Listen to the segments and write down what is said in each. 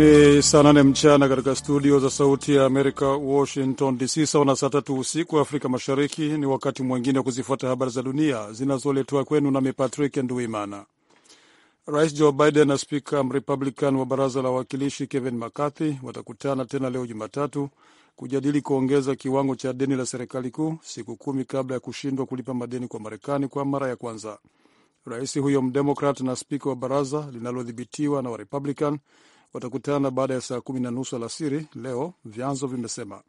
Ni saa nane mchana katika studio za Sauti ya Amerika, Washington DC, sawa na saa tatu usiku wa Afrika Mashariki. Ni wakati mwingine wa kuzifuata habari za dunia zinazoletwa kwenu nami Patrick Nduimana. Rais Joe Biden na spika Mrepublican wa baraza la wawakilishi Kevin McCarthy watakutana tena leo Jumatatu kujadili kuongeza kiwango cha deni la serikali kuu, siku kumi kabla ya kushindwa kulipa madeni kwa Marekani kwa mara ya kwanza. Rais huyo Mdemokrat na spika wa baraza linalodhibitiwa na Warepublican watakutana baada ya saa kumi na nusu alasiri leo, vyanzo vimesema.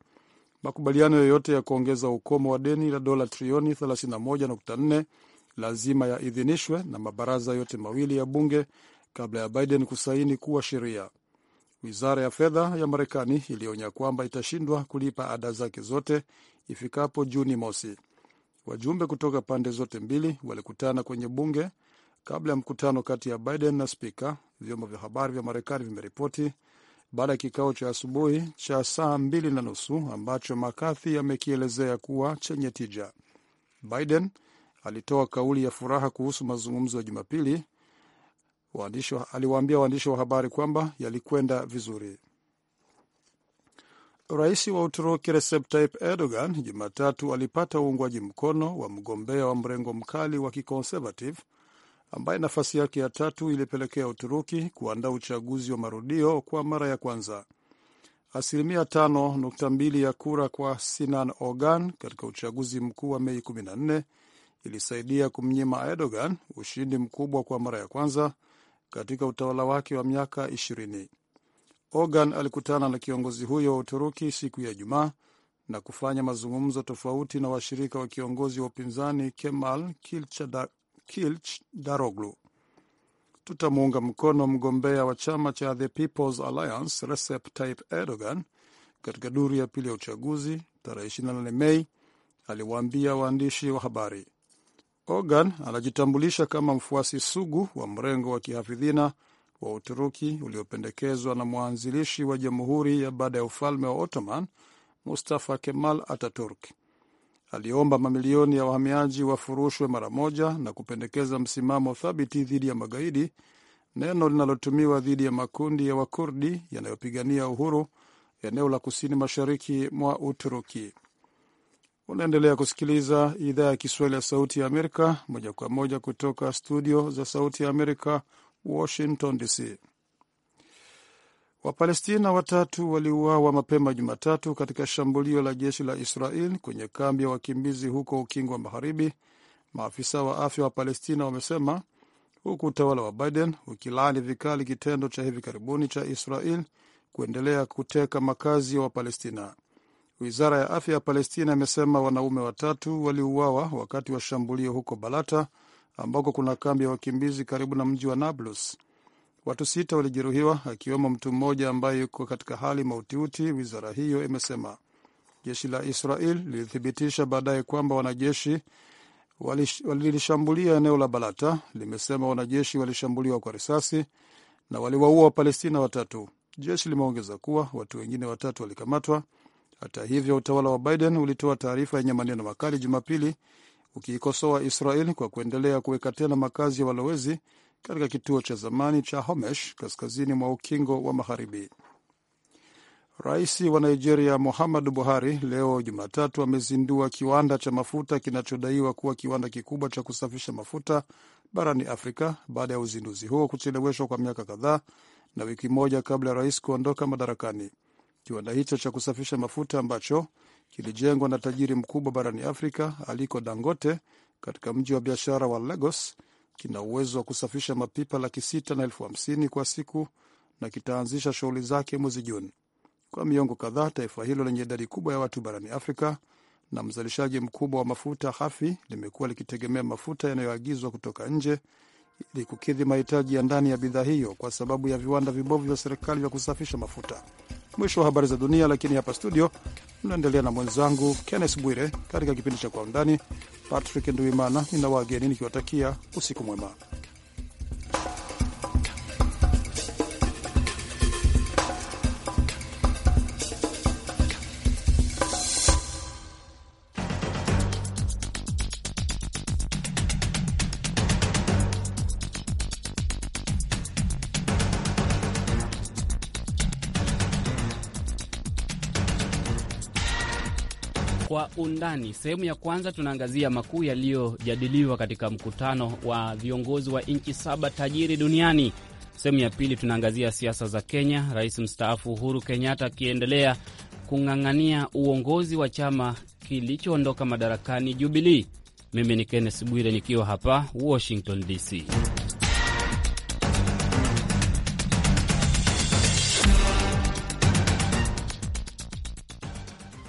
Makubaliano yoyote ya kuongeza ukomo wa deni la dola trilioni 31.4 lazima yaidhinishwe na mabaraza yote mawili ya bunge kabla ya Biden kusaini kuwa sheria. Wizara ya fedha ya Marekani ilionya kwamba itashindwa kulipa ada zake zote ifikapo Juni mosi. Wajumbe kutoka pande zote mbili walikutana kwenye bunge kabla ya mkutano kati ya Biden na spika vyombo vya habari vya Marekani vimeripoti baada ya kikao cha asubuhi cha saa mbili na nusu ambacho McCarthy amekielezea kuwa chenye tija. Biden alitoa kauli ya furaha kuhusu mazungumzo ya Jumapili. Aliwaambia waandishi wa habari kwamba yalikwenda vizuri. Rais wa Uturuki Recep Tayyip Erdogan Jumatatu alipata uungwaji mkono wa mgombea wa mrengo mkali wa kiconservative ambaye nafasi yake ya tatu ilipelekea Uturuki kuandaa uchaguzi wa marudio kwa mara ya kwanza. Asilimia 5.2 ya kura kwa Sinan Ogan katika uchaguzi mkuu wa Mei 14 ilisaidia kumnyima Erdogan ushindi mkubwa kwa mara ya kwanza katika utawala wake wa miaka 20. Ogan alikutana na kiongozi huyo wa Uturuki siku ya Ijumaa na kufanya mazungumzo tofauti na washirika wa kiongozi wa upinzani Kemal daroglu Tutamuunga mkono mgombea wa chama cha The People's Alliance Recep Tayyip Erdogan katika duru ya pili ya uchaguzi tarehe 28 Mei, aliwaambia waandishi wa habari. Ogan anajitambulisha kama mfuasi sugu wa mrengo wa kihafidhina wa Uturuki uliopendekezwa na mwanzilishi wa jamhuri ya baada ya ufalme wa Ottoman Mustafa Kemal Ataturk aliomba mamilioni ya wahamiaji wafurushwe mara moja na kupendekeza msimamo thabiti dhidi ya magaidi, neno linalotumiwa dhidi ya makundi ya Wakurdi yanayopigania uhuru eneo la kusini mashariki mwa Uturuki. Unaendelea kusikiliza idhaa ya Kiswahili ya Sauti ya Amerika moja kwa moja kutoka studio za Sauti ya Amerika, Washington DC. Wapalestina watatu waliuawa mapema Jumatatu katika shambulio la jeshi la Israel kwenye kambi ya wakimbizi huko Ukingo wa Magharibi, maafisa wa afya wa Palestina wamesema, huku utawala wa Biden ukilaani vikali kitendo cha hivi karibuni cha Israel kuendelea kuteka makazi ya wa Wapalestina. Wizara ya afya ya Palestina imesema wanaume watatu waliuawa wakati wa shambulio huko Balata, ambako kuna kambi ya wakimbizi karibu na mji wa Nablus. Watu sita walijeruhiwa akiwemo mtu mmoja ambaye yuko katika hali mautiuti, wizara hiyo imesema. Jeshi la Israel lilithibitisha baadaye kwamba wanajeshi walilishambulia eneo la Balata. Limesema wanajeshi walishambuliwa kwa risasi na waliwaua Wapalestina watatu. Jeshi limeongeza kuwa watu wengine watatu walikamatwa. Hata hivyo, utawala wa Biden ulitoa taarifa yenye maneno makali Jumapili ukiikosoa Israel kwa kuendelea kuweka tena makazi ya walowezi katika kituo cha zamani cha Homesh kaskazini mwa ukingo wa magharibi. Rais wa Nigeria Muhammadu Buhari leo Jumatatu amezindua kiwanda cha mafuta kinachodaiwa kuwa kiwanda kikubwa cha kusafisha mafuta barani Afrika baada ya uzinduzi huo kucheleweshwa kwa miaka kadhaa na wiki moja kabla ya rais kuondoka madarakani. Kiwanda hicho cha kusafisha mafuta ambacho kilijengwa na tajiri mkubwa barani Afrika Aliko Dangote katika mji wa biashara wa Lagos kina uwezo wa kusafisha mapipa laki sita na elfu hamsini kwa siku na kitaanzisha shughuli zake mwezi Juni. Kwa miongo kadhaa, taifa hilo lenye idadi kubwa ya watu barani Afrika na mzalishaji mkubwa wa mafuta hafi limekuwa likitegemea mafuta yanayoagizwa kutoka nje ili kukidhi mahitaji ya ndani ya bidhaa hiyo kwa sababu ya viwanda vibovu vya serikali vya kusafisha mafuta. Mwisho wa habari za dunia, lakini hapa studio mnaendelea na mwenzangu Kenneth Bwire katika kipindi cha Kwa Undani. Patrick Nduimana nina nikiwatakia usiku mwema. undani. Sehemu ya kwanza tunaangazia makuu yaliyojadiliwa katika mkutano wa viongozi wa nchi saba tajiri duniani. Sehemu ya pili tunaangazia siasa za Kenya, rais mstaafu Uhuru Kenyatta akiendelea kung'ang'ania uongozi wa chama kilichoondoka madarakani Jubilii. Mimi ni Kenneth Bwire nikiwa hapa Washington DC.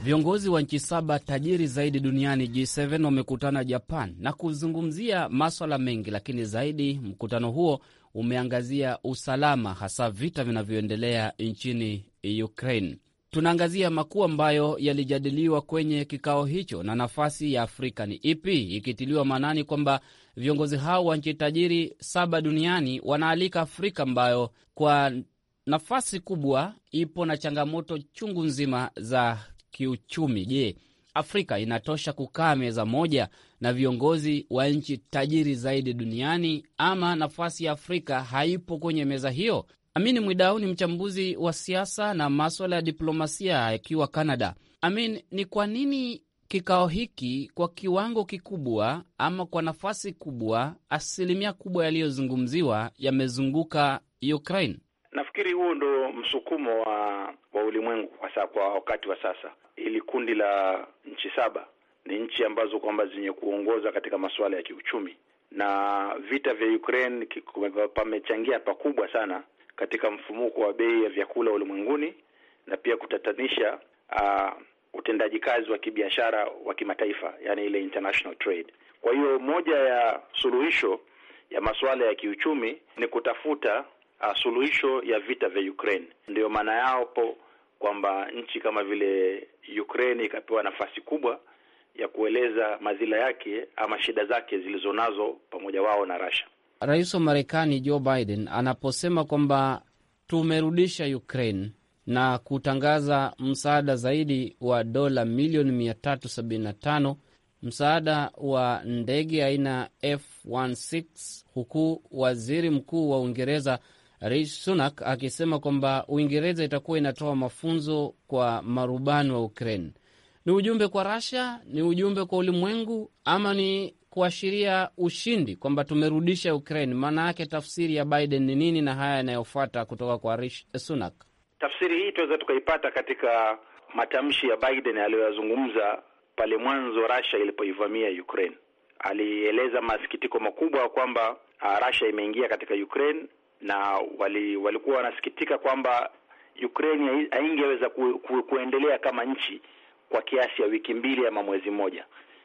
Viongozi wa nchi saba tajiri zaidi duniani G7 wamekutana Japan na kuzungumzia maswala mengi, lakini zaidi mkutano huo umeangazia usalama, hasa vita vinavyoendelea nchini Ukraine. Tunaangazia makuu ambayo yalijadiliwa kwenye kikao hicho na nafasi ya Afrika ni ipi, ikitiliwa maanani kwamba viongozi hao wa nchi tajiri saba duniani wanaalika Afrika ambayo kwa nafasi kubwa ipo na changamoto chungu nzima za kiuchumi. Je, Afrika inatosha kukaa meza moja na viongozi wa nchi tajiri zaidi duniani ama nafasi ya Afrika haipo kwenye meza hiyo? Amin Mwidau ni mchambuzi wa siasa na maswala ya diplomasia akiwa Canada. Amin, ni kwa nini kikao hiki kwa kiwango kikubwa ama kwa nafasi kubwa, asilimia kubwa yaliyozungumziwa yamezunguka Ukraine? Nafikiri huo ndo msukumo wa wa ulimwengu kwa, kwa wakati wa sasa. Ili kundi la nchi saba ni nchi ambazo kwamba zenye kuongoza katika masuala ya kiuchumi, na vita vya Ukraine pamechangia pakubwa sana katika mfumuko wa bei ya vyakula ulimwenguni na pia kutatanisha uh, utendaji kazi wa kibiashara wa kimataifa, yani ile international trade. Kwa hiyo moja ya suluhisho ya masuala ya kiuchumi ni kutafuta uh, suluhisho ya vita vya Ukraine. Ndiyo maana yapo kwamba nchi kama vile Ukraine ikapewa nafasi kubwa ya kueleza madhila yake ama shida zake zilizonazo pamoja wao na Russia. Rais wa Marekani Joe Biden anaposema kwamba tumerudisha Ukraine na kutangaza msaada zaidi wa dola milioni 375, msaada wa ndege aina F16, huku waziri mkuu wa Uingereza Rishi Sunak akisema kwamba Uingereza itakuwa inatoa mafunzo kwa marubani wa Ukraine. Ni ujumbe kwa Russia? Ni ujumbe kwa ulimwengu? Ama ni kuashiria ushindi kwamba tumerudisha Ukraine? Maana yake tafsiri ya Biden ni nini, na haya yanayofuata kutoka kwa Rishi Sunak? Tafsiri hii tunaweza tukaipata katika matamshi ya Biden aliyoyazungumza pale mwanzo Russia ilipoivamia Ukraine. Alieleza masikitiko makubwa kwamba ah, Russia imeingia katika Ukraine na wali, walikuwa wanasikitika kwamba Ukraine haingeweza ku, ku, kuendelea kama nchi kwa kiasi ya wiki mbili ama mwezi mmoja.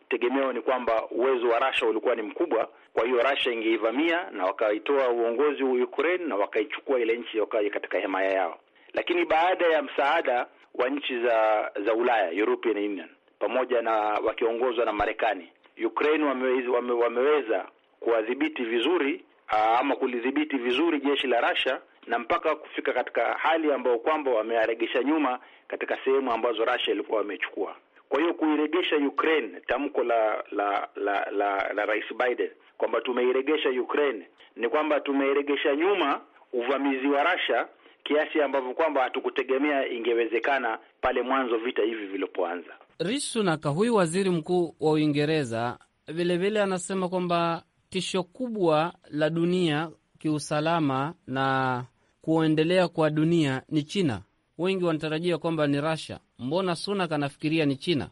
Tegemeo ni kwamba uwezo wa Russia ulikuwa ni mkubwa, kwa hiyo Russia ingeivamia na wakaitoa uongozi wa Ukraine na wakaichukua ile nchi wakaja katika himaya yao. Lakini baada ya msaada wa nchi za za Ulaya, European Union, pamoja na wakiongozwa na Marekani, Ukraine wame, wame, wameweza kuwadhibiti vizuri Ah, ama kulidhibiti vizuri jeshi la Russia na mpaka kufika katika hali ambayo kwamba wamearegesha nyuma katika sehemu ambazo Russia ilikuwa wamechukua. Kwa hiyo kuiregesha Ukraine, tamko la la la la, la Rais Biden kwamba tumeiregesha Ukraine ni kwamba tumeiregesha nyuma uvamizi wa Russia kiasi ambavyo kwamba hatukutegemea ingewezekana pale mwanzo vita hivi vilipoanza. Rishi Sunak, huyu waziri mkuu wa Uingereza, vilevile anasema kwamba tisho kubwa la dunia kiusalama na kuendelea kwa dunia ni China. Wengi wanatarajia kwamba ni Russia. Mbona Sunak anafikiria ni China?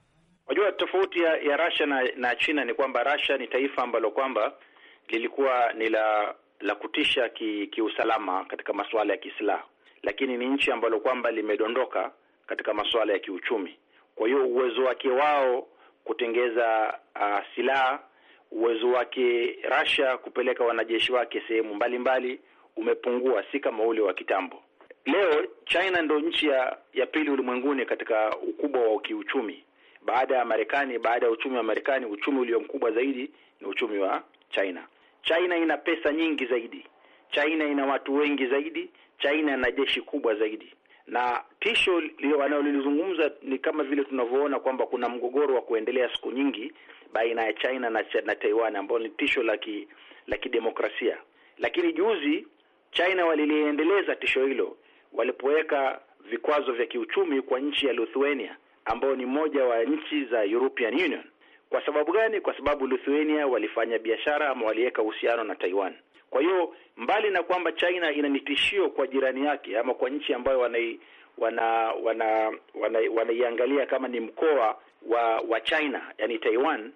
najua tofauti ya, ya Russia na, na China ni kwamba Russia ni taifa ambalo kwamba lilikuwa ni la la kutisha kiusalama ki katika masuala ya kisilaha, lakini ni nchi ambalo kwamba limedondoka katika masuala ya kiuchumi. Kwa hiyo uwezo wake wao kutengeza uh, silaha uwezo wake Russia kupeleka wanajeshi wake sehemu mbalimbali umepungua, si kama ule wa kitambo. Leo China ndo nchi ya, ya pili ulimwenguni katika ukubwa wa kiuchumi baada ya Marekani. Baada ya uchumi wa Marekani, uchumi ulio mkubwa zaidi ni uchumi wa China. China ina pesa nyingi zaidi, China ina watu wengi zaidi, China ina jeshi kubwa zaidi na tisho wanaolizungumza ni kama vile tunavyoona kwamba kuna mgogoro wa kuendelea siku nyingi baina ya China na, na Taiwan ambao ni tisho la ki, la kidemokrasia. Lakini juzi China waliliendeleza tisho hilo walipoweka vikwazo vya kiuchumi kwa nchi ya Lithuania ambayo ni moja wa nchi za European Union. Kwa sababu gani? Kwa sababu Lithuania walifanya biashara ama waliweka uhusiano na Taiwan. Kwa hiyo mbali na kwamba China ina nitishio kwa jirani yake ama kwa nchi ambayo wanai wana wana wanaiangalia wana kama ni mkoa wa wa China yani Taiwan,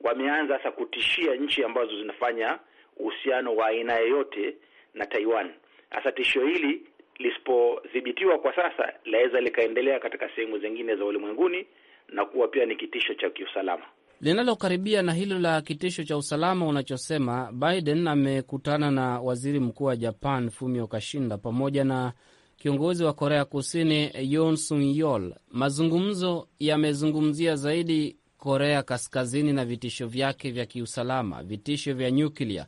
wameanza sasa kutishia nchi ambazo zinafanya uhusiano wa aina yoyote na Taiwan. Sasa tishio hili lisipodhibitiwa kwa sasa, laweza likaendelea katika sehemu zingine za ulimwenguni na kuwa pia ni kitisho cha kiusalama linalokaribia na hilo la kitisho cha usalama unachosema. Biden amekutana na waziri mkuu wa Japan Fumio Kishida pamoja na kiongozi wa Korea Kusini Yoon Suk Yeol. Mazungumzo yamezungumzia zaidi Korea Kaskazini na vitisho vyake vya kiusalama, vitisho vya nyuklia,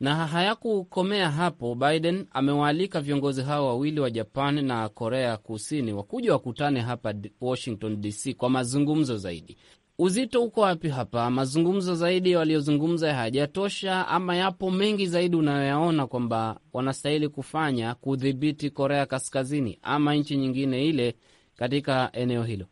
na hayakukomea hapo. Biden amewaalika viongozi hao wawili wa Japan na Korea Kusini wakuja wakutane hapa Washington DC kwa mazungumzo zaidi. Uzito uko wapi hapa? Mazungumzo zaidi waliozungumza hayajatosha, ama yapo mengi zaidi unayoyaona kwamba wanastahili kufanya kudhibiti Korea Kaskazini ama nchi nyingine ile katika eneo hilo?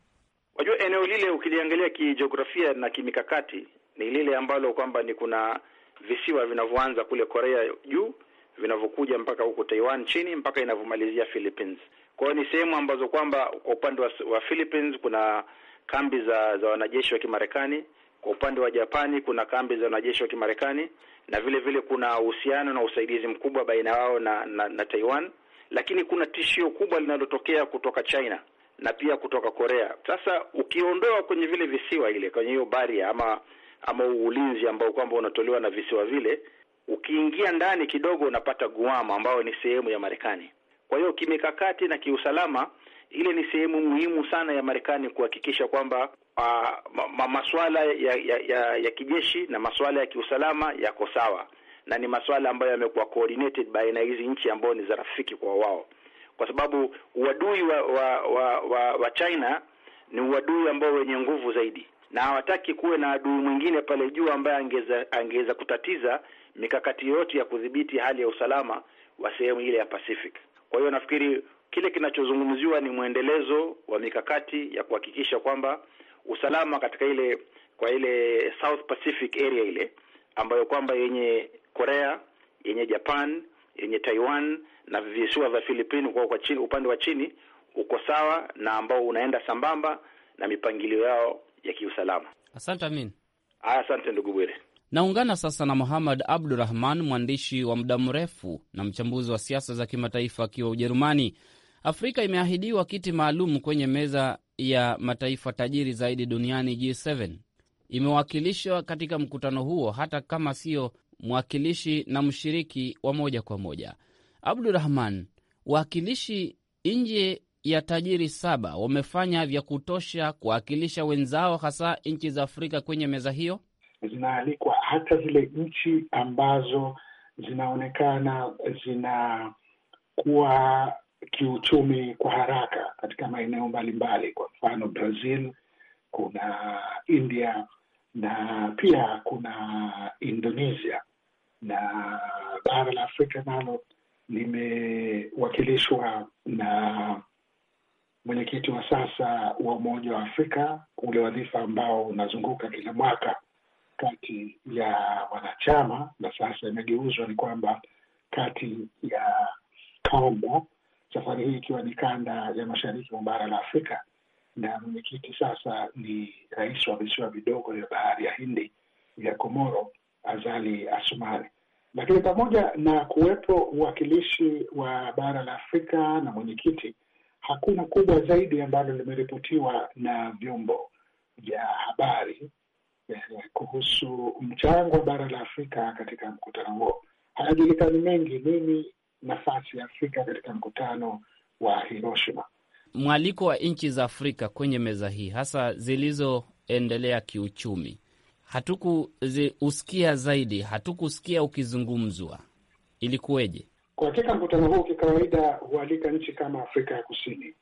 Wajua, eneo lile ukiliangalia kijiografia na kimikakati ni lile ambalo kwamba ni kuna visiwa vinavyoanza kule Korea juu vinavyokuja mpaka huko Taiwan chini mpaka inavyomalizia Philippines. Kwa hiyo ni sehemu ambazo kwamba kwa upande wa Philippines kuna kambi za za wanajeshi wa Kimarekani. Kwa upande wa Japani kuna kambi za wanajeshi wa Kimarekani, na vile vile kuna uhusiano na usaidizi mkubwa baina yao na, na, na Taiwan, lakini kuna tishio kubwa linalotokea kutoka China na pia kutoka Korea. Sasa ukiondoa kwenye vile visiwa ile kwenye hiyo baria ama ama ulinzi ambao kwamba unatolewa na visiwa vile, ukiingia ndani kidogo unapata Guam ambayo ni sehemu ya Marekani. Kwa hiyo kimikakati na kiusalama, ile ni sehemu muhimu sana ya Marekani kuhakikisha kwamba uh, ma maswala ya, ya, ya, ya kijeshi na maswala ya kiusalama yako sawa, na ni maswala ambayo yamekuwa coordinated baina hizi nchi ambao ni za rafiki kwa wao, kwa sababu uadui wa, wa, wa, wa, wa China ni uadui ambao wenye nguvu zaidi na hawataki kuwe na adui mwingine pale juu ambaye angeza angeweza kutatiza mikakati yote ya kudhibiti hali ya usalama wa sehemu ile ya Pacific. Kwa hiyo nafikiri kile kinachozungumziwa ni mwendelezo wa mikakati ya kuhakikisha kwamba usalama katika ile kwa ile South Pacific area ile ambayo kwamba yenye Korea, yenye Japan, yenye Taiwan na visiwa vya Filipino kwa, kwa chini, upande wa chini uko sawa na ambao unaenda sambamba na mipangilio yao ya kiusalama. Asante Amin. Asante ndugu Bwire. Naungana sasa na Muhamad Abdurahman, mwandishi wa muda mrefu na mchambuzi wa siasa za kimataifa akiwa Ujerumani. Afrika imeahidiwa kiti maalum kwenye meza ya mataifa tajiri zaidi duniani G7. Imewakilishwa katika mkutano huo hata kama sio mwakilishi na mshiriki wa moja kwa moja. Abdurahman, wakilishi nje ya tajiri saba wamefanya vya kutosha kuwakilisha wenzao, hasa nchi za Afrika kwenye meza hiyo? zinaalikwa hata zile nchi ambazo zinaonekana zinakuwa kiuchumi kwa haraka katika maeneo mbalimbali, kwa mfano Brazil, kuna India na pia kuna Indonesia, na bara la Afrika nalo limewakilishwa na mwenyekiti wa sasa wa Umoja wa Afrika, ule wadhifa ambao unazunguka kila mwaka kati ya wanachama, na sasa imegeuzwa ni kwamba kati ya kongo safari hii ikiwa ni kanda ya mashariki mwa bara la Afrika, na mwenyekiti sasa ni rais wa visiwa vidogo vya bahari ya Hindi vya Komoro, Azali Asumani. Lakini pamoja na kuwepo uwakilishi wa bara la Afrika na mwenyekiti, hakuna kubwa zaidi ambalo limeripotiwa na vyombo vya habari kuhusu mchango wa bara la Afrika katika mkutano huo. Hayajulikani mengi nini nafasi ya Afrika katika mkutano wa Hiroshima. Mwaliko wa nchi za Afrika kwenye meza hii, hasa zilizoendelea kiuchumi, hatukuusikia zaidi, hatukusikia ukizungumzwa. Ilikuweje? Kwa hakika mkutano huu kikawaida hualika nchi kama Afrika ya Kusini,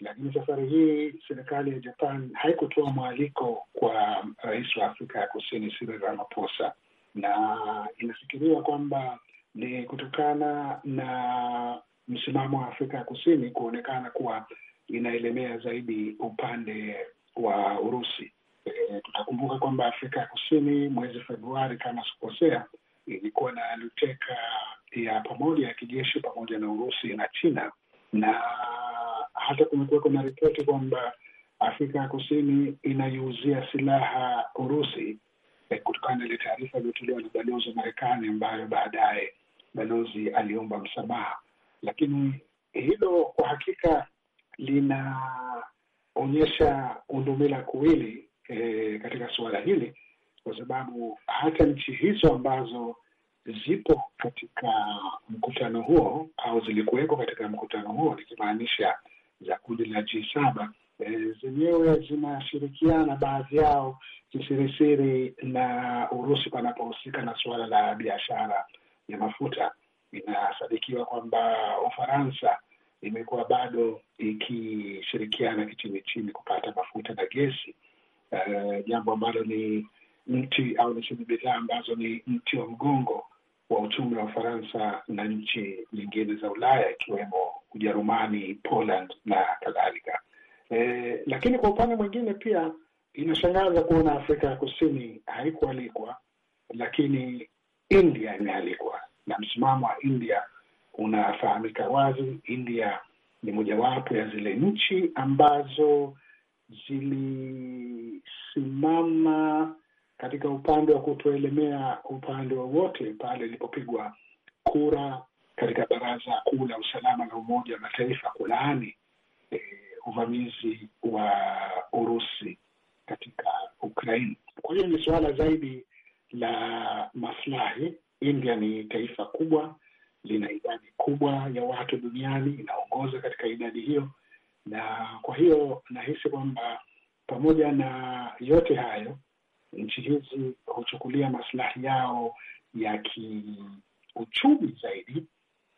lakini safari hii serikali ya Japan haikutoa mwaliko kwa rais wa Afrika ya Kusini Cyril Ramaphosa, na inafikiriwa kwamba ni kutokana na msimamo wa Afrika ya Kusini kuonekana kuwa inaelemea zaidi upande wa Urusi. E, tutakumbuka kwamba Afrika ya Kusini mwezi Februari, kama sikukosea, ilikuwa na luteka ya pamoja ya kijeshi pamoja na Urusi na China na hata kumekuweko na ripoti kwamba Afrika ya Kusini inaiuzia silaha Urusi eh, kutokana na ile taarifa iliyotolewa na balozi wa Marekani ambayo baadaye balozi aliomba msamaha. Lakini hilo kwa hakika linaonyesha undumila kuwili eh, katika suala hili, kwa sababu hata nchi hizo ambazo zipo katika mkutano huo au zilikuweko katika mkutano huo, nikimaanisha za kundi la G7 e, eh, zenyewe zinashirikiana baadhi yao kisirisiri na Urusi panapohusika na suala la biashara ya mafuta. Inasadikiwa kwamba Ufaransa imekuwa bado ikishirikiana kichini chini kupata mafuta na gesi, eh, jambo ambalo ni mti au niseme bidhaa ambazo ni mti wa mgongo wa uchumi wa Ufaransa na nchi nyingine za Ulaya ikiwemo Ujerumani, Poland na kadhalika. E, lakini kwa upande mwingine pia inashangaza kuona Afrika ya Kusini haikualikwa, lakini India imealikwa na msimamo wa India unafahamika wazi. India ni mojawapo ya zile nchi ambazo zilisimama katika upande wa kutoelemea upande wowote pale ilipopigwa kura katika Baraza Kuu la Usalama la Umoja wa Mataifa kulaani e, uvamizi wa Urusi katika Ukraine. Kwa hiyo ni suala zaidi la maslahi. India ni taifa kubwa, lina idadi kubwa ya watu duniani, inaongoza katika idadi hiyo, na kwa hiyo nahisi kwamba pamoja na yote hayo, nchi hizi huchukulia maslahi yao ya kiuchumi zaidi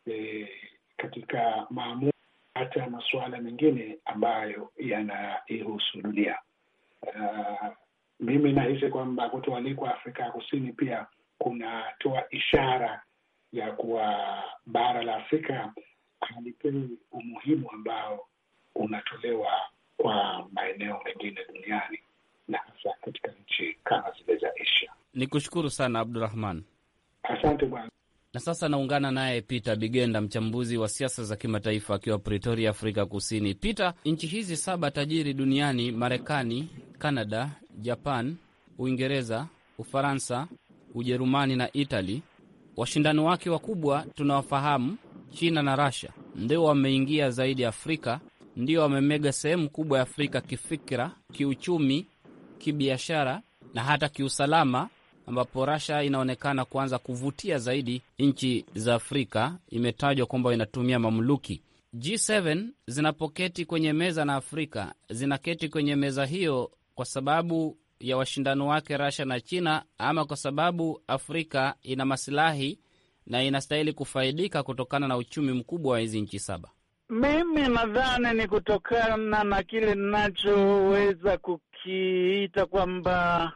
e, katika maamuzi hata masuala mengine ambayo yanaihusu dunia. Uh, mimi nahisi kwamba kutoalikwa Afrika ya Kusini pia kunatoa ishara ya kuwa bara la Afrika halipewi umuhimu ambao unatolewa kwa maeneo mengine duniani na hasa katika nchi kama zile za Asia. Ni kushukuru sana Abdurahman, asante bwana. Na sasa naungana naye Peter Bigenda, mchambuzi wa siasa za kimataifa akiwa Pretoria, Afrika Kusini. Peter, nchi hizi saba tajiri duniani, Marekani, Kanada, Japan, Uingereza, Ufaransa, Ujerumani na Itali, washindani wake wakubwa tunawafahamu, China na Russia, ndio wameingia zaidi Afrika, ndio wamemega sehemu kubwa ya Afrika kifikira, kiuchumi, kibiashara na hata kiusalama ambapo Russia inaonekana kuanza kuvutia zaidi nchi za Afrika. Imetajwa kwamba inatumia mamluki. G7 zinapoketi kwenye meza na Afrika zinaketi kwenye meza hiyo kwa sababu ya washindano wake Russia na China, ama kwa sababu Afrika ina masilahi na inastahili kufaidika kutokana na uchumi mkubwa wa hizi nchi saba. Mimi nadhani ni kutokana na kile ninachoweza kukiita kwamba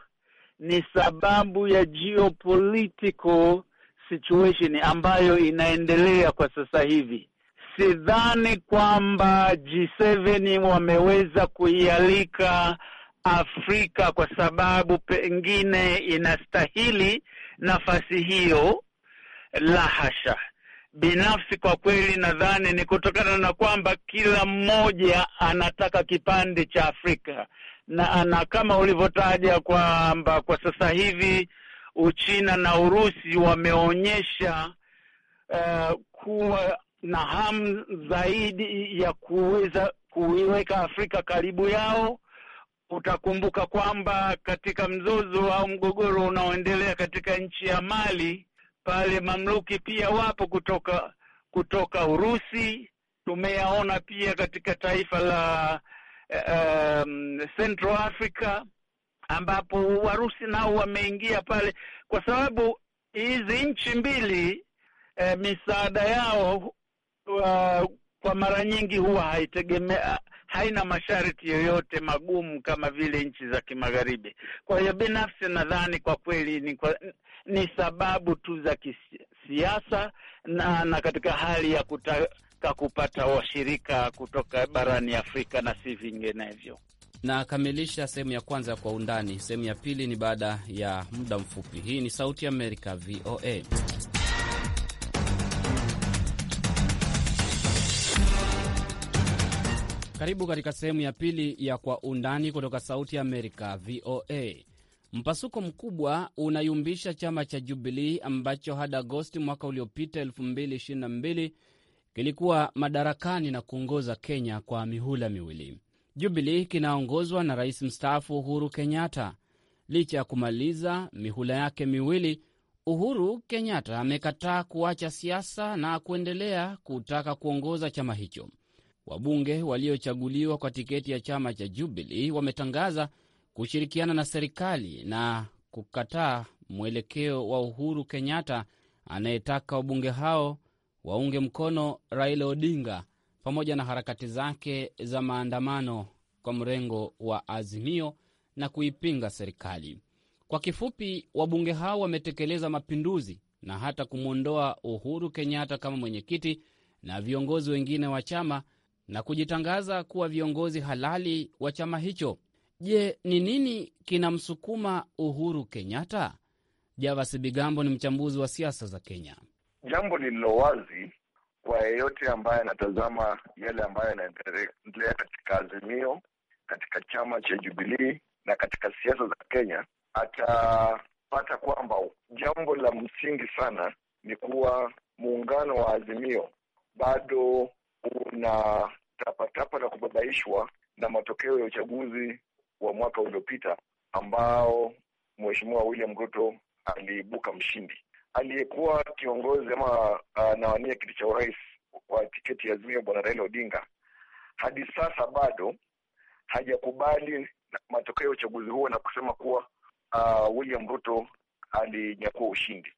ni sababu ya geopolitical situation ambayo inaendelea kwa sasa hivi. Sidhani kwamba G7 wameweza kuialika Afrika kwa sababu pengine inastahili nafasi hiyo, la hasha. Binafsi kwa kweli, nadhani ni kutokana na kwamba kila mmoja anataka kipande cha Afrika na, na kama ulivyotaja kwamba kwa sasa hivi Uchina na Urusi wameonyesha uh, kuwa na hamu zaidi ya kuweza kuiweka Afrika karibu yao. Utakumbuka kwamba katika mzozo au mgogoro unaoendelea katika nchi ya Mali pale mamluki pia wapo kutoka kutoka Urusi. Tumeyaona pia katika taifa la um, Central Africa ambapo Warusi nao wameingia pale, kwa sababu hizi nchi mbili eh, misaada yao uh, kwa mara nyingi huwa haitegemea haina masharti yoyote magumu kama vile nchi za kimagharibi. Kwa hiyo binafsi nadhani kwa kweli ni, kwa, ni sababu tu za kisiasa na, na katika hali ya kuta, katika kupata washirika kutoka barani Afrika na si vinginevyo. Nakamilisha sehemu ya kwanza ya kwa undani. Sehemu ya pili ni baada ya muda mfupi. Hii ni Sauti Amerika, VOA. Karibu katika sehemu ya pili ya Kwa Undani kutoka Sauti Amerika, VOA. Mpasuko mkubwa unayumbisha chama cha Jubilii ambacho hadi Agosti mwaka uliopita kilikuwa madarakani na kuongoza Kenya kwa mihula miwili. jubili kinaongozwa na rais mstaafu Uhuru Kenyatta. Licha ya kumaliza mihula yake miwili, Uhuru Kenyatta amekataa kuacha siasa na kuendelea kutaka kuongoza chama hicho. Wabunge waliochaguliwa kwa tiketi ya chama cha Jubili wametangaza kushirikiana na serikali na kukataa mwelekeo wa Uhuru Kenyatta anayetaka wabunge hao waunge mkono Raila Odinga pamoja na harakati zake za maandamano kwa mrengo wa Azimio na kuipinga serikali. Kwa kifupi, wabunge hao wametekeleza mapinduzi na hata kumwondoa Uhuru Kenyatta kama mwenyekiti na viongozi wengine wa chama na kujitangaza kuwa viongozi halali wa chama hicho. Je, ni nini kinamsukuma Uhuru Kenyatta? Javasi Bigambo ni mchambuzi wa siasa za Kenya jambo lililo wazi kwa yeyote ambaye anatazama yale ambayo yanaendelea katika Azimio, katika chama cha Jubilii na katika siasa za Kenya, atapata kwamba jambo la msingi sana ni kuwa muungano wa Azimio bado una tapatapa na kubabaishwa na matokeo ya uchaguzi wa mwaka uliopita ambao Mheshimiwa William Ruto aliibuka mshindi aliyekuwa kiongozi ama ah, anawania kiti cha urais wa tiketi ya Azimio bwana Raila Odinga hadi sasa bado hajakubali matokeo ya uchaguzi huo na kusema kuwa uh, William Ruto alinyakua ushindi.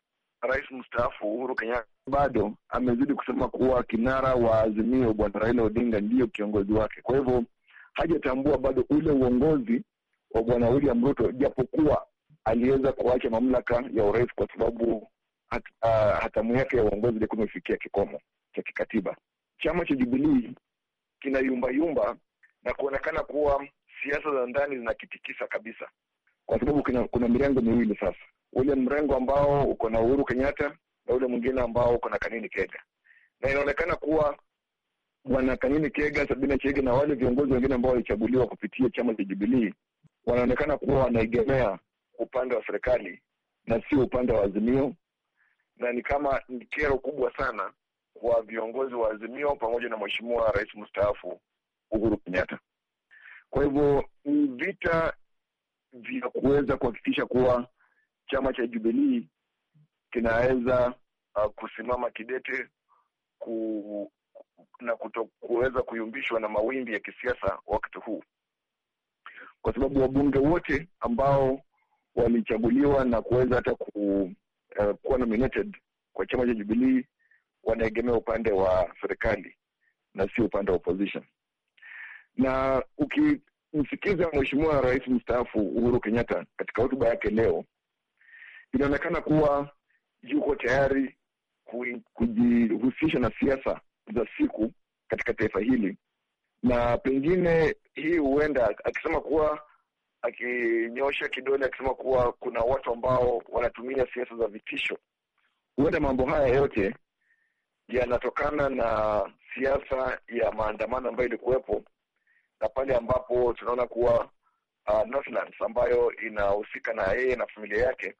Rais mstaafu Uhuru Kenyatta bado amezidi kusema kuwa kinara wa Azimio bwana Raila Odinga ndiyo kiongozi wake. Kwa hivyo hajatambua bado ule uongozi wa bwana William Ruto, japokuwa aliweza kuacha mamlaka ya urais kwa sababu hat, uh, ah, hatamu yake ya uongozi ilikuwa imefikia kikomo cha kikatiba. Chama cha Jubilii kina yumba na kuonekana kuwa siasa za ndani zinakitikisa kabisa, kwa sababu kuna, kuna mirengo miwili sasa, ule mrengo ambao uko na Uhuru Kenyatta na ule mwingine ambao uko na Kanini Kega, na inaonekana kuwa bwana Kanini Kega, Sabina Chege na wale viongozi wengine ambao walichaguliwa kupitia chama cha Jubilii wanaonekana kuwa wanaegemea upande wa serikali na sio upande wa Azimio na ni kama ni kero kubwa sana kwa viongozi wa Azimio pamoja na Mheshimiwa Rais mstaafu Uhuru Kenyatta. Kwa hivyo ni vita vya kuweza kuhakikisha kuwa chama cha Jubilii kinaweza uh, kusimama kidete ku, na kuweza kuyumbishwa na mawimbi ya kisiasa wakati huu, kwa sababu wabunge wote ambao walichaguliwa na kuweza hata ku, uh, kuwa nominated kwa chama cha jubilii wanaegemea upande wa serikali na sio upande wa opposition. Na ukimsikiza Mheshimiwa Rais mstaafu Uhuru Kenyatta katika hotuba yake leo, inaonekana kuwa yuko tayari kujihusisha na siasa za siku katika taifa hili, na pengine hii huenda akisema kuwa akinyosha kidole akisema kuwa kuna watu ambao wanatumia siasa za vitisho. Huenda mambo haya yote yanatokana na siasa ya maandamano ambayo ilikuwepo na pale ambapo tunaona kuwa uh, Northlands ambayo inahusika na yeye na familia yake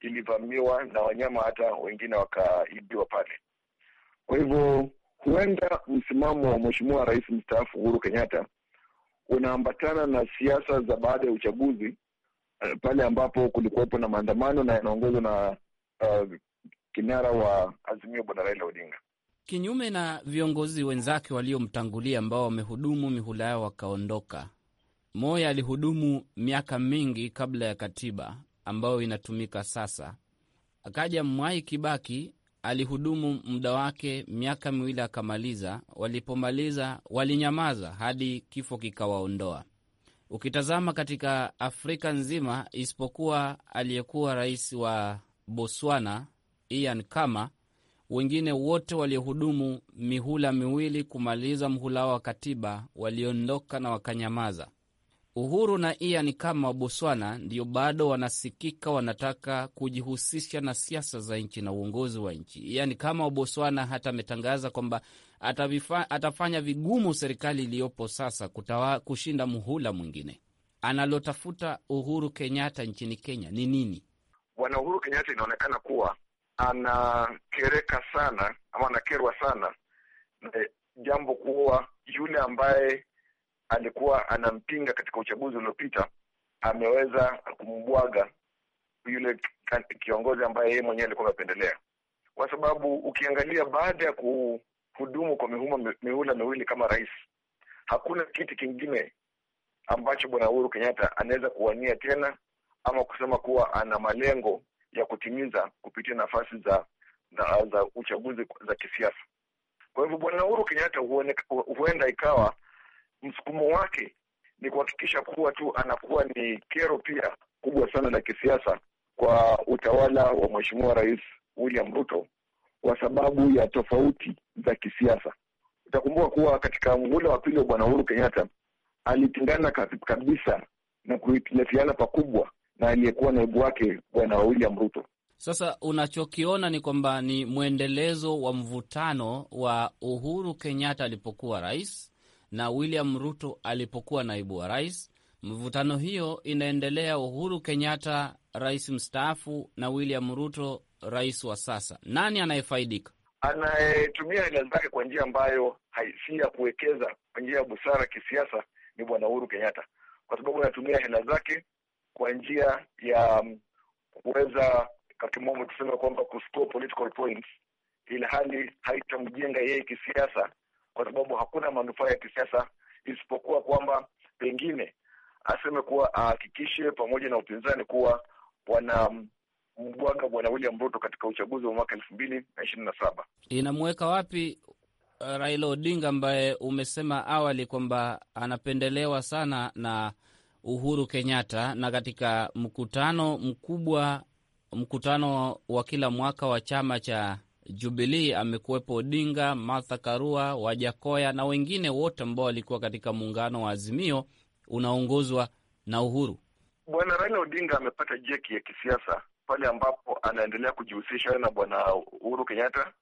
ilivamiwa na wanyama, hata wengine wakaibiwa pale. Kwa hivyo huenda msimamo wa mheshimiwa rais mstaafu Uhuru Kenyatta unaambatana na siasa za baada ya uchaguzi eh, pale ambapo kulikuwepo na maandamano na yanaongozwa na uh, kinara wa Azimio Bwana Raila Odinga, kinyume na viongozi wenzake waliomtangulia ambao wamehudumu mihula yao wakaondoka. Moya alihudumu miaka mingi kabla ya katiba ambayo inatumika sasa. Akaja Mwai Kibaki alihudumu muda wake miaka miwili akamaliza. Walipomaliza walinyamaza hadi kifo kikawaondoa. Ukitazama katika Afrika nzima isipokuwa aliyekuwa rais wa Botswana Ian Khama, wengine wote waliohudumu mihula miwili kumaliza mhula wa katiba waliondoka na wakanyamaza. Uhuru na Ian kama wa Botswana ndio bado wanasikika wanataka kujihusisha na siasa za nchi na uongozi wa nchi. Ian kama wa Botswana hata ametangaza kwamba atafanya vigumu serikali iliyopo sasa kutawa, kushinda muhula mwingine. Analotafuta Uhuru Kenyatta nchini Kenya ni nini? Bwana Uhuru Kenyatta inaonekana kuwa anakereka sana ama anakerwa sana na jambo kuwa yule ambaye alikuwa anampinga katika uchaguzi uliopita ameweza kumbwaga yule kiongozi ambaye yeye mwenyewe alikuwa amependelea, kwa sababu ukiangalia baada ya kuhudumu kwa mihuma, mihula miwili kama rais, hakuna kiti kingine ambacho bwana Uhuru Kenyatta anaweza kuwania tena ama kusema kuwa ana malengo ya kutimiza kupitia nafasi za, za za uchaguzi za kisiasa. Kwa hivyo bwana Uhuru Kenyatta huenda ikawa msukumo wake ni kuhakikisha kuwa tu anakuwa ni kero pia kubwa sana la kisiasa kwa utawala wa Mheshimiwa Rais William Ruto kwa sababu ya tofauti za kisiasa. Utakumbuka kuwa katika muhula wa pili wa Bwana Uhuru Kenyatta alitingana kabisa na kuhitilafiana pakubwa na aliyekuwa naibu wake Bwana William Ruto. Sasa unachokiona ni kwamba ni mwendelezo wa mvutano wa Uhuru Kenyatta alipokuwa rais na William Ruto alipokuwa naibu wa rais. Mvutano hiyo inaendelea, Uhuru Kenyatta rais mstaafu na William Ruto rais wa sasa. Nani anayefaidika? Anayetumia hela zake kwa njia ambayo si ya kuwekeza kwa njia ya busara kisiasa ni bwana Uhuru Kenyatta, kwa sababu anatumia hela zake kwa njia ya mm, kuweza kakimombo tuseme kwamba ku political points, ili hali haitamjenga yeye kisiasa kwa sababu hakuna manufaa ya kisiasa isipokuwa kwamba pengine aseme kuwa ahakikishe pamoja na upinzani kuwa wana mbwaga bwana William Ruto katika uchaguzi wa mwaka elfu mbili na ishirini na saba. Inamweka wapi uh, Raila Odinga ambaye umesema awali kwamba anapendelewa sana na Uhuru Kenyatta, na katika mkutano mkubwa, mkutano wa kila mwaka wa chama cha Jubilee amekuwepo Odinga, Martha Karua, Wajakoya na wengine wote ambao walikuwa katika muungano wa Azimio unaongozwa na Uhuru. Bwana Raila Odinga amepata jeki ya kisiasa pale ambapo anaendelea kujihusisha na Bwana Uhuru Kenyatta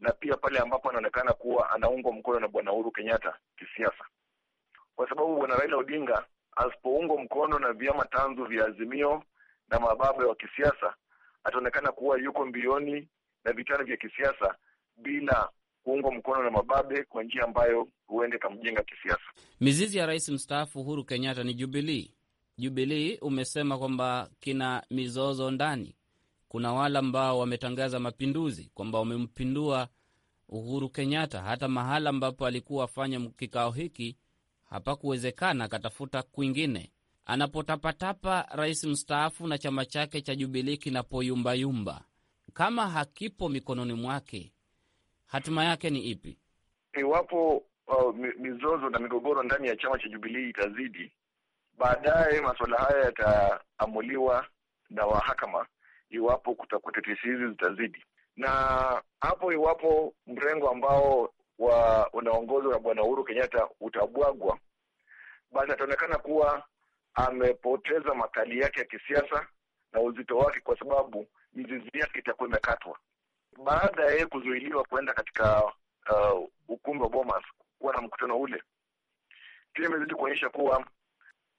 na pia pale ambapo anaonekana kuwa anaungwa mkono na Bwana Uhuru Kenyatta kisiasa, kwa sababu Bwana Raila Odinga asipoungwa mkono na vyama tanzu vya Azimio na mababe wa kisiasa ataonekana kuwa yuko mbioni na vitani vya kisiasa bila kuungwa mkono na mababe kwa njia ambayo huenda ikamjenga kisiasa. Mizizi ya rais mstaafu Uhuru Kenyatta ni Jubilii. Jubilii umesema kwamba kina mizozo ndani, kuna wale ambao wametangaza mapinduzi kwamba wamempindua Uhuru Kenyatta. Hata mahala ambapo alikuwa afanya kikao hiki hapakuwezekana, akatafuta kwingine. Anapotapatapa rais mstaafu na chama chake cha Jubilii kinapoyumbayumba, kama hakipo mikononi mwake, hatima yake ni ipi? Iwapo uh, mizozo na migogoro ndani ya chama cha Jubilii itazidi, baadaye masuala haya yataamuliwa na wahakama, iwapo kutakuwa tetesi hizi zitazidi. Na hapo iwapo mrengo ambao wa unaongozwa na Bwana Uhuru Kenyatta utabwagwa, basi ataonekana kuwa amepoteza makali yake ya kisiasa na uzito wake, kwa sababu mizizi yake itakuwa imekatwa baada ya yeye kuzuiliwa kuenda katika uh, ukumbi wa Bomas kuwa na mkutano ule. Pia imezidi kuonyesha kuwa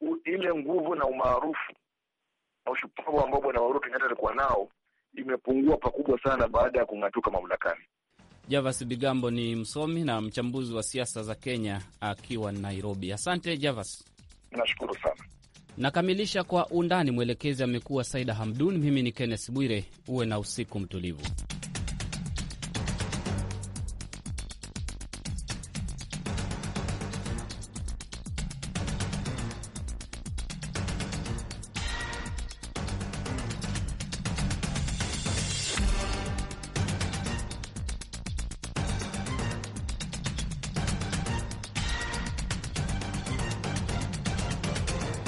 u, ile nguvu na umaarufu na ushupavu ambao bwana Uhuru Kenyatta alikuwa nao imepungua pakubwa sana baada ya kung'atuka mamlakani. Javas Bigambo ni msomi na mchambuzi wa siasa za Kenya akiwa Nairobi. Asante Javas, nashukuru sana. Nakamilisha kwa undani. Mwelekezi amekuwa Saida Hamdun, mimi ni Kenneth Bwire. Uwe na usiku mtulivu.